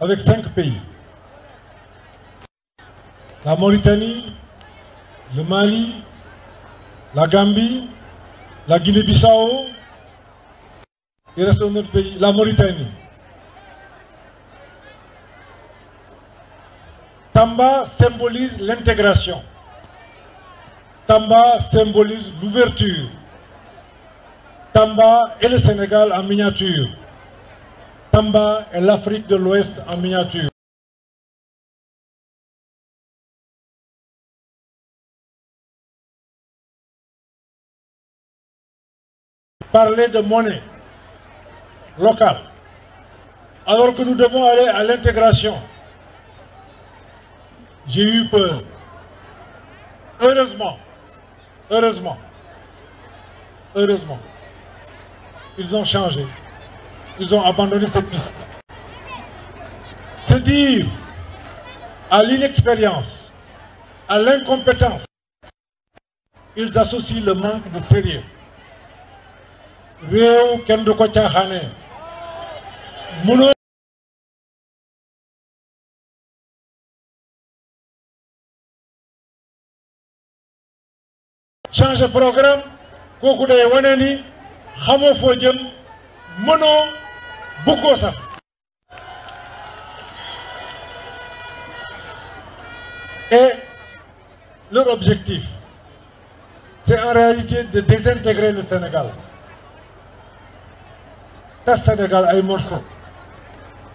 avec cinq pays. La Mauritanie, le Mali, la Gambie, la Guinée-Bissau, Et la Mauritanie. Tamba symbolise l'intégration. Tamba symbolise l'ouverture. Tamba est le Sénégal en miniature. Tamba est l'Afrique de l'Ouest en miniature. Parler de monnaie locale, alors que nous devons aller à l'intégration j'ai eu peur. Heureusement, heureusement, heureusement, ils ont changé. Ils ont abandonné cette piste. C'est dire à l'inexpérience, à l'incompétence, ils associent le manque de sérieux. Réo changé programme kooku day wone ni xamoo foo jëm bu ko sax et leur objectif c'est en réalité de désintégrer le Sénégal ta Sénégal ay morceaux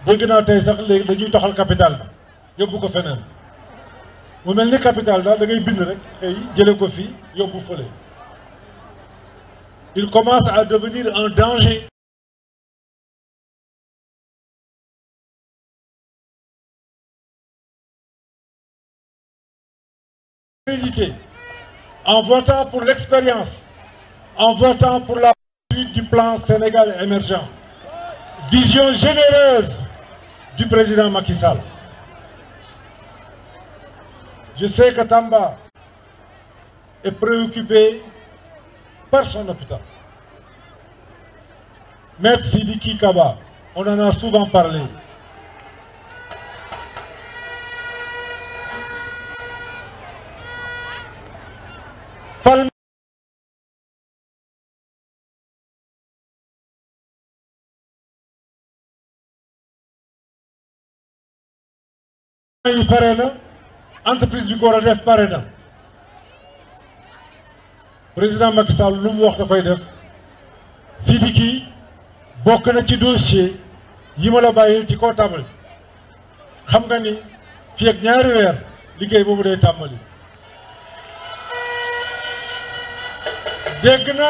dégg naa tey sax léegi dañuy toxal capital yobou ko feneen il commence à devenir un danger en votant pour l'expérience, en votant pour la suite du plan Sénégal émergent. Vision généreuse du président Macky Sall. Je sais que Tamba est préoccupé par son hôpital. Maître Sidiki Kaba, on en a souvent parlé. entreprise bi ko war a def na président Macky Sall lu wax da koy def Sidiki bokk na ci dossier yi ma la bàyyi ci kaw tàmbali xam nga ni fii ak ñaari weer liggéey boobu day tàmbali dégg na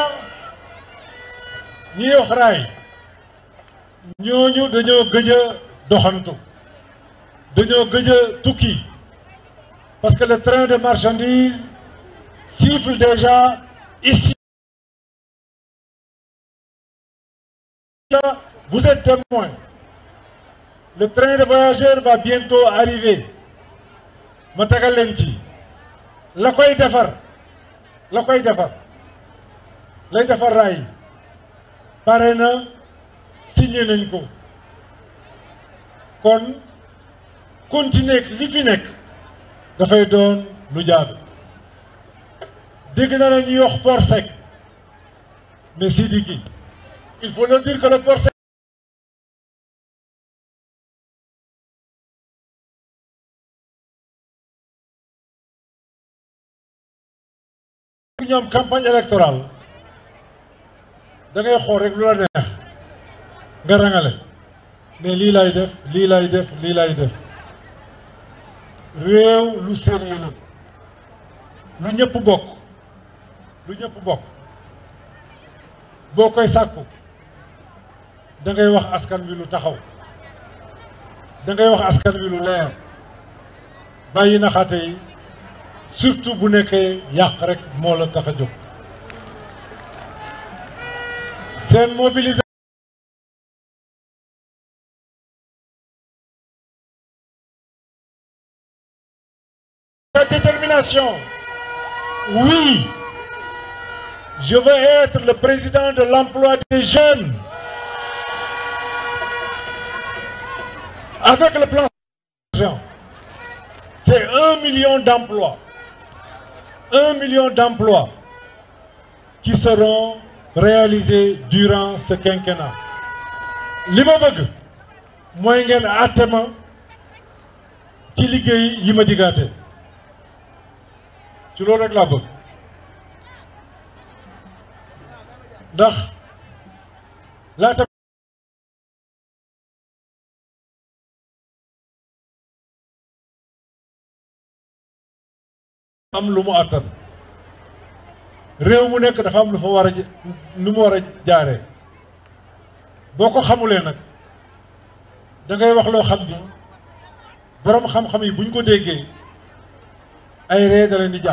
ñiy wax raay ñooñu dañoo gëj a doxantu dañoo gëj tukki Parce que le train de marchandises siffle déjà ici. Vous êtes témoin. Le train de voyageurs va bientôt arriver. Matagalenti. La koy defar. La koy il lay defar L'a quoi signé nañ ko kon continuer li dafay doon lu jaadu dégg na la ñuy wax port sec mais il faut le dire que le port sec ñoom campagne électorale da xool rek lu la neex nga rangale mais lii laay def lii laay def lii laay def réew lu sérieux la lu ñëpp bokk lu ñëpp bokk boo koy sàkku da ngay wax askan wi lu taxaw da ngay wax askan wi lu leer bàyyi naxaate yi surtout bu nekkee yàq rek moo la tax a jóg seen mobilisation détermination. Oui, je veux être le président de l'emploi des jeunes. Avec le plan c'est un million d'emplois. Un million d'emplois qui seront réalisés durant ce quinquennat. L'imabug, moi, je suis ci loolu rek laa bëgg ndax laata am lu mu àttan réew mu nekk dafa am lu fa war a lu mu war a jaaree boo ko xamulee nag dangay wax loo xam ni boroom xam-xam yi buñ ko déggee Le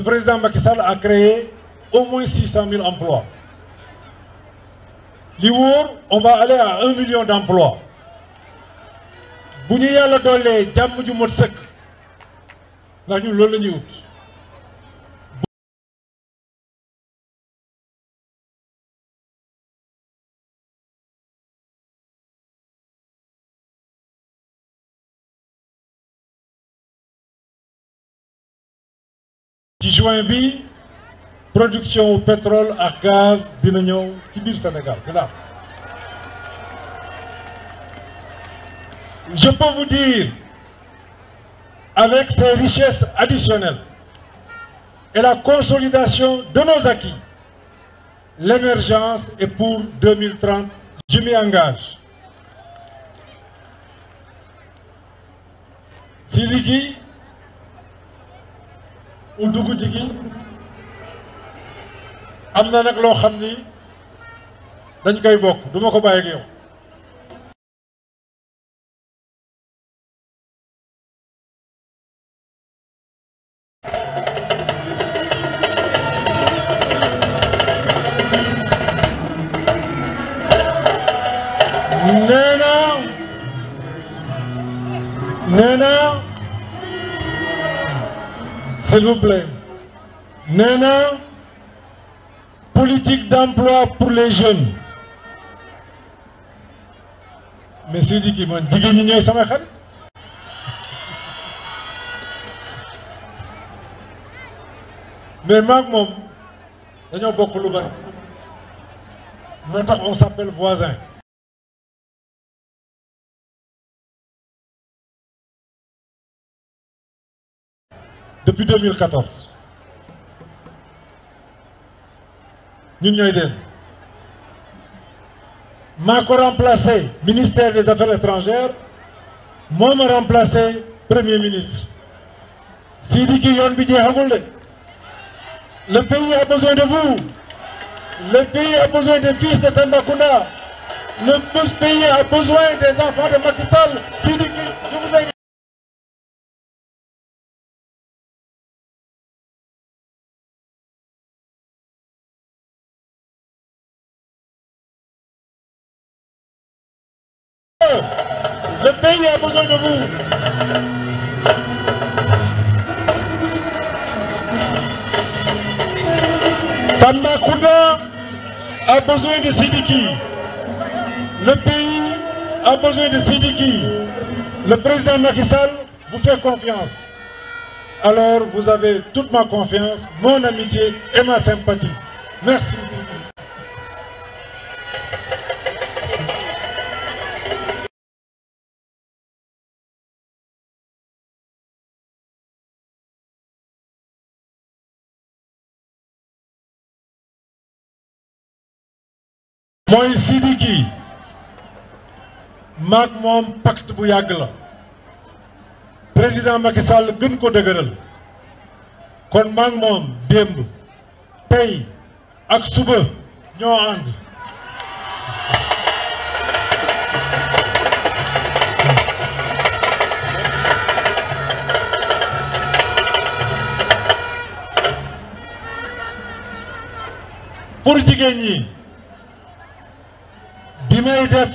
président Macky Sall a créé au moins 600 000 emplois. L'Iwour, on va aller à 1 million d'emplois. On l'a donné, Djamoudjou Motsek. Nous l'avons dit. qui juin production production pétrole à gaz de qui ci le Sénégal je peux vous dire avec ces richesses additionnelles et la consolidation de nos acquis l'émergence est pour 2030 je m'y engage mu d u g u j i gi am na nag loo xam ni dañ koy bokk du ma ko b a y y i ak yow n e na s'il vous plaît nana, politique d'emploi pour les jeunes mais dit mais maintenant, nous avons beaucoup lu bari on s'appelle voisin depuis 2014 ñun ñooy pas remplacé ministère des affaires étrangères Moi me remplacé premier ministre Sidiki le pays a besoin de vous le pays a besoin des fils de Tambakouna. le pays a besoin des enfants de Makissal. je vous ai a besoin de vous. a besoin de Sidiki. Le pays a besoin de Sidiki. Le président Macky vous fait confiance. Alors vous avez toute ma confiance, mon amitié et ma sympathie. Merci. mooy Sidiki maag moom pacte bu yàgg la président Macky Sall gën ko dëgëral kon maag moom démb tey ak suba ñoo ànd pour jigéen ñi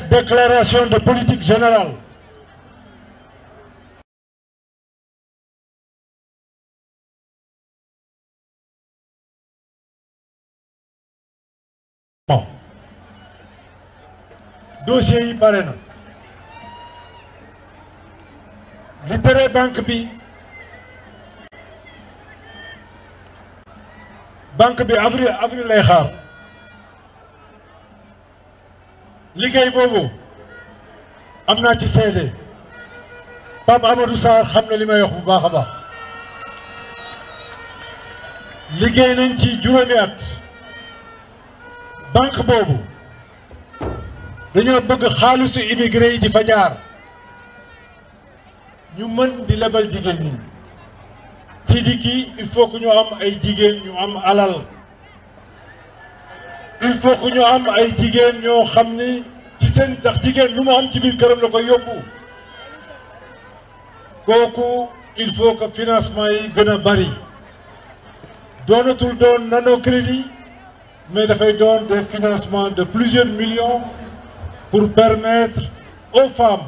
déclaration de politique générale dossier yi bare Littéré banque B. banque B, avril avril liggéey boobu am naa ci seede Pape Amadou Sarr xam na li may wax bu baax a baax liggéey nañ ci juróomi at banque boobu dañoo bëgg xaalisu immigré yi di fa jaar ñu mën di lebal jigéen ñi Sidiki il faut que ñu am ay jigéen ñu am alal il faut que nous ayons ay jigéen ñoo xam des ci seen ndax des il faut que financement yi gën bari nano crédit mais faut donner des financements de plusieurs millions pour permettre aux femmes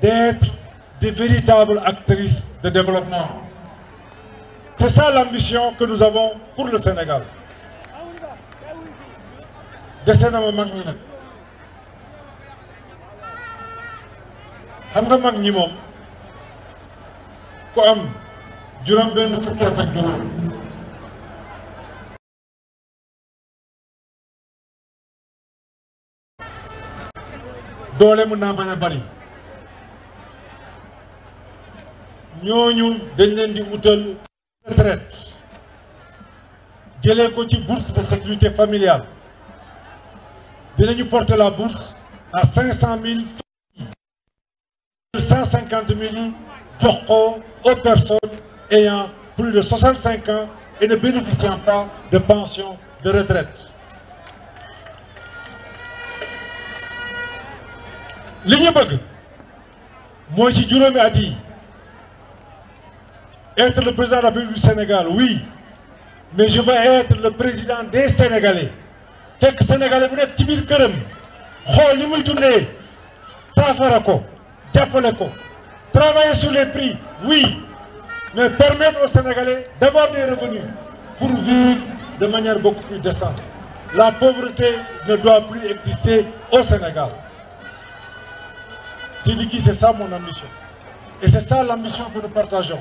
d'être de véritables actrices de développement. C'est ça l'ambition que nous avons pour le Sénégal. dese na ma mag ñi nag xam nga mag ñi moom ku am juróom benn fukki at ak doole mën naa bañ a bari ñooñu dañ leen di wutal retraite jëlee ko ci bourse de sécurité familiale nous porter la bourse à 500 000 150 000 pour aux personnes ayant plus de 65 ans et ne bénéficiant pas de pension de retraite L'Union moi moi mooy ci dit, être le président de la République du Sénégal oui mais je veux être le président des Sénégalais que sénégalais bu Sénégalais ci biir këram xol li muy dundee travailler sur les prix oui mais permettre aux sénégalais d'avoir des revenus pour vivre de manière beaucoup plus décente la pauvreté ne doit plus exister au Sénégal c'est ça mon ambition et c'est ça l'ambition que nous partageons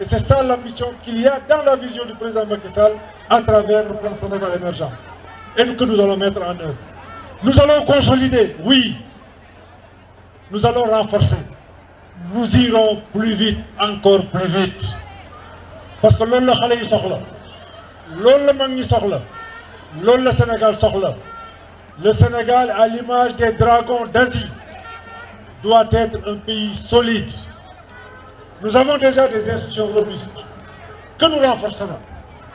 et c'est ça l'ambition qu'il y a dans la vision du président Macky Sall à travers le plan Sénégal émergent et que nous allons mettre en œuvre. Nous allons consolider, oui. Nous allons renforcer. Nous irons plus vite, encore plus vite. Parce que l'on le Khalé Sokhla, l'on le le Sénégal le Sénégal, à l'image des dragons d'Asie, doit être un pays solide. Nous avons déjà des institutions robustes que nous renforcerons.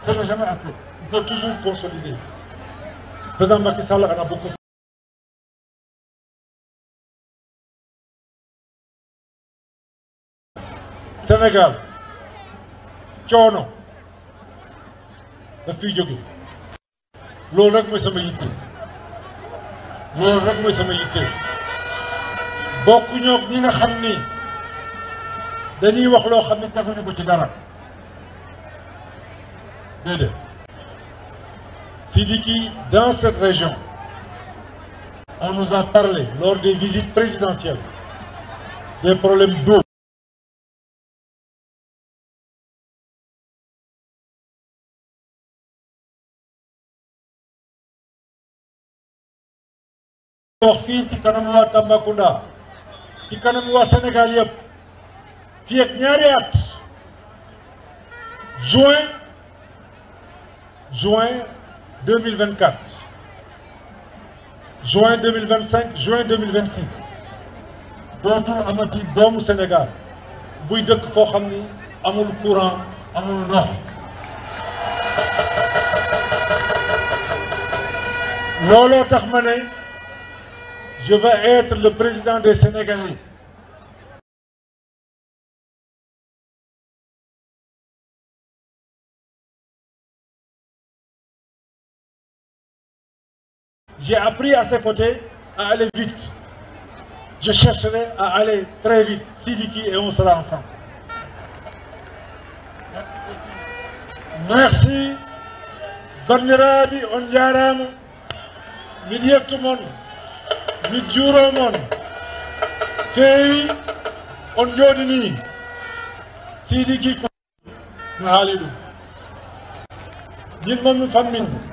Ce n'est jamais assez. Il faut toujours consolider. président Macky Sall en a beaucoup Sénégal coono daf fiy jóge loolu rek mooy sama yitte loolu rek mooy sama yitte bokk ñoo ñi nga xam ni dañuy wax loo xam ni teguñu ko ci dara déedéet C'est Sidiki, dans cette région, on nous a parlé lors des visites présidentielles des problèmes d'eau. wax Tikanamoua ci Tikanamoua waa Tambacounda ci kanam waa Sénégal juin juin 2024, juin 2025 juin 2026 Bonjour amati doomu Sénégal buy Sénégal. fo xamni amul courant amul ndox Lolo tax je vais être le président des Sénégalais J'ai appris à ses côtés à aller vite. Je chercherai à aller très vite, Sidiki, et on sera ensemble. Merci. bandiraɓe on jarama mbiɗa yettumon mi juuromon feewi on jooɗini sidiki mi haali ɗum jinmon famille.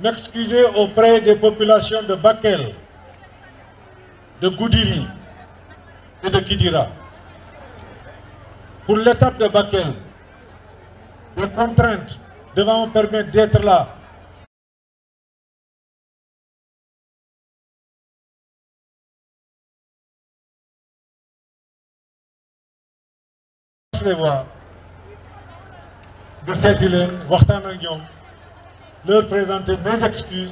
m'excuser auprès des populations de Bakel, de Goudiri et de Kidira. Pour l'étape de Bakel, les contraintes devant me permettre d'être là leur présenter mes excuses.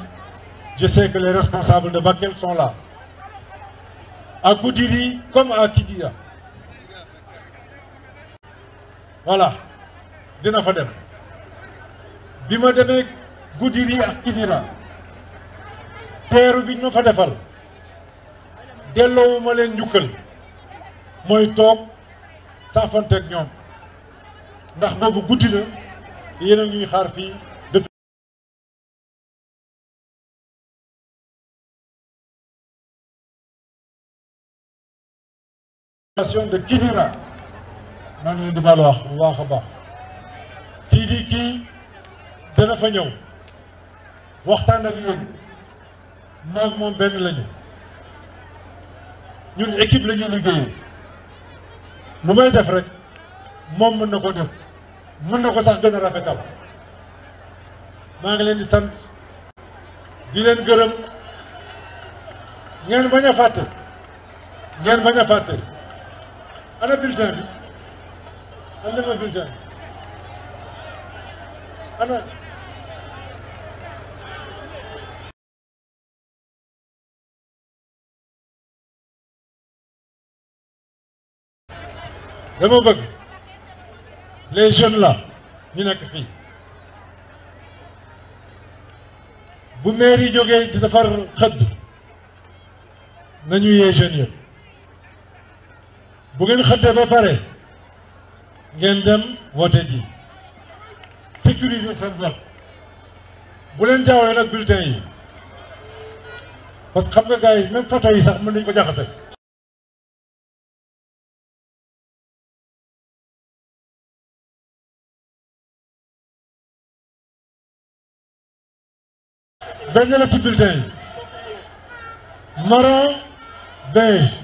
Je sais que les responsables de Bakel sont là. À Goudiri comme à Kidia. Voilà. dina fa dem Goudiri ak Kidira teeru bi ñu fa defal delloowu ma leen njukkal mooy ndax na de Kidira maa ngi leen di baal baax a baax kii dana fa ñëw waxtaan ak yéen moom benn lañu ñun équipe la ñuy liggéeyee lu may def rek moom mën na ko def mën na ko sax gën a rafetal maa ngi leen di sant di leen gërëm ngeen bañ a fàtte ngeen bañ أنا بلجاني أنا بلجاني أنا دابا بقى لي جون لا مين هاك فيه بوميري جوغي تفر خد منو يا جون bu ngeen xëddee ba pare ngeen dem vote ji sécuriser seen vote bu leen jaawee nag bulletin yi parce que xam nga gars yi même photo yi sax mën nañu ko jaxase benn la ci bulletin yi marron beige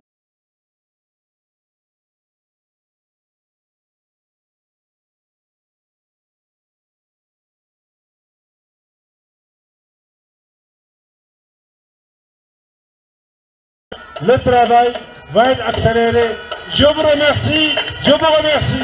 le travail va être accéléré. Je vous remercie, je vous remercie.